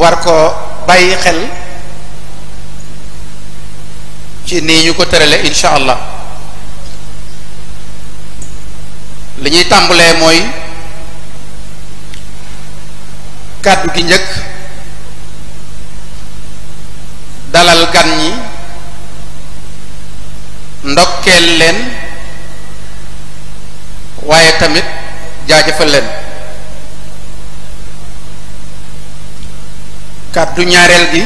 war ko bàyyi xel ci nii ñu ko tërale insha allah li ñuy tàmbalee mooy kàddu gi njëkk dalal gan ñi ndokkeel leen waaye tamit jaajëfal leen kàddu ñaareel gi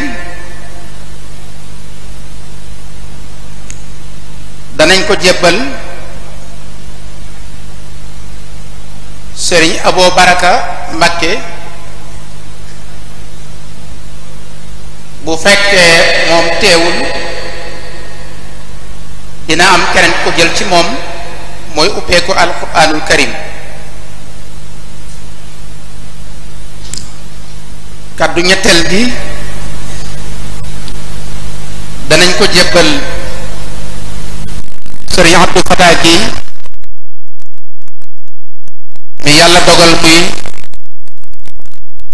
danañ ko jébbal sëriñ aboo Baraka Mbakke bu fekkee moom teewul dina am keneen ko jël ci moom mooy uppeeku alquranul karim kàddu ñetteel gi danañ ko jébbal sëriñ Fatah gi mi yàlla dogal muy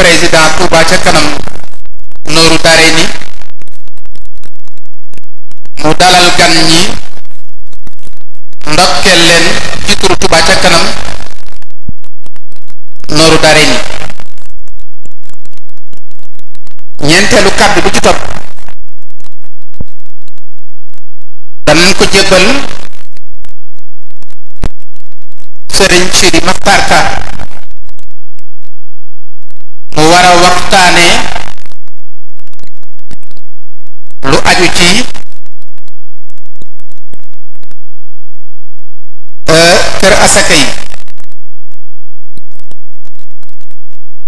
président Touba ca kanam nooru daare ni mu dalal gan ñi ndokkeel leen ci turu ca kanam nooru daare ñeenteelu kàddu bi ci topp danañ ko jébbal sëriñ Sidi Maxtaar Ka mu war a waxtaane lu aju ci euh, kër asaka yi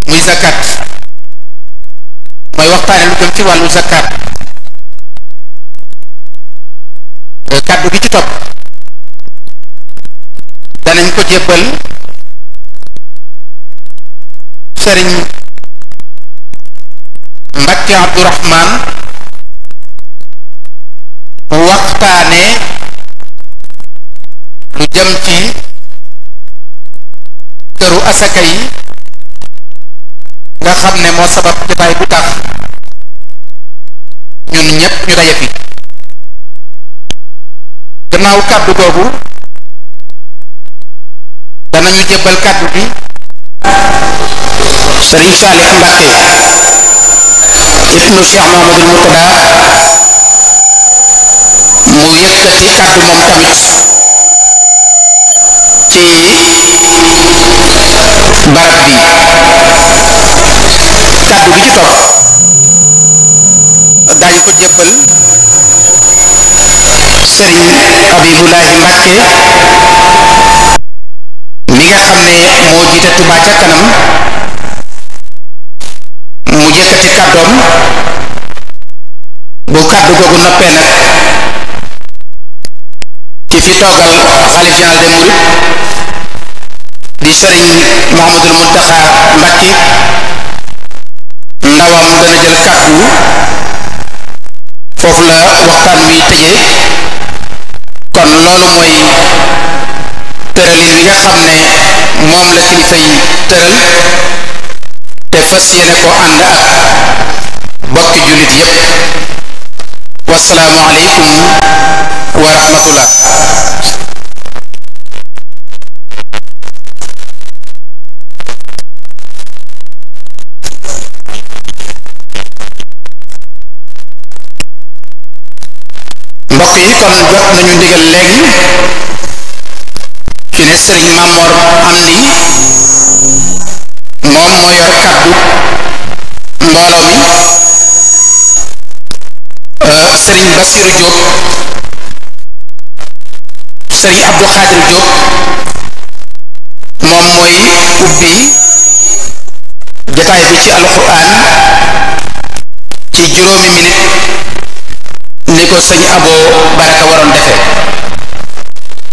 muy zakat mooy waxtaane lu jëm ci wàllu zakat kàddu gi ci topp danañ ko jébbal sëriñ Mbacke Abdourahman waxtaane lu jëm ci këru asaka yi nga xam ne moo sabab jotaay bu tax ñun ñëpp ñu daje fi gannaaw kàddu googu danañu jébbal kàddu bi sëriñ Saliou Mbacké ibnu Cheikh Mamadou Moutada mu yëkkati kàddu moom tamit ci barab bi kàddu gi ci topp ko jébbal sëriñ Abibulahi Mbàkke mi nga xam ne moo jiite Touba ca kanam mu yëkkati kàddoom bu kàddu googu noppee nag ci fi toogal xalif général des di sëriñ Mouhamadul Muntaxa Mbàkke ndawam dana jël kàddu foofu la waxtaan wi tëjee kon loolu mooy tëralin wi nga ne moom la kilifa yi tëral te fas yéene ko ànd ak bokki jullit yépp wasalaamualeykum wa rahmatullah mbokk yi kon jot nañu ndigal léegi ci ne sëriñ Mamor am ni moom mooy yor kàddu mbooloo mi euh, sëriñ Basiru Diop sëriñ Abdou Khadir Diop moom mooy ubbi jataay bi ci alxuraan ci juróomi minute ni ko sëñ aboo baraka waroon defee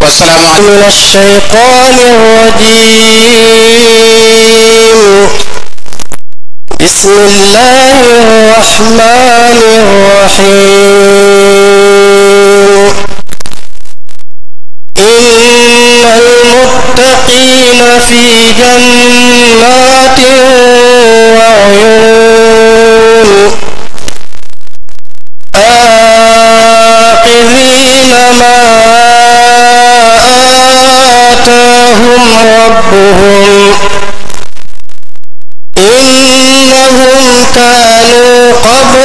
wasalaamu aleykum min ash-shaytaan ar-rajiim bismillaahi rahmaani rahiim innal muttaqiina fi jannaatin wa uyuun ينفعهم إنهم كانوا قبل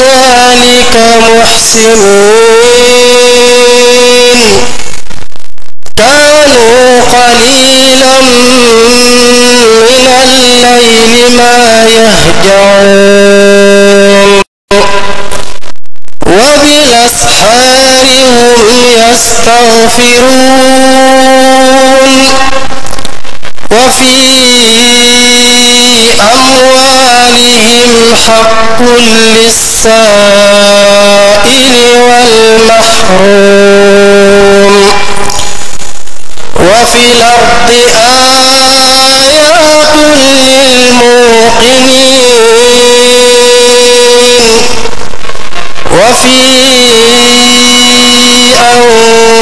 ذلك محسنين كانوا قليلا من الليل ما يهجعون وبالأسحار هم يستغفرون وفي أموالهم حق للسائل والمحروم وفي الأرض آيات للموقنين وفي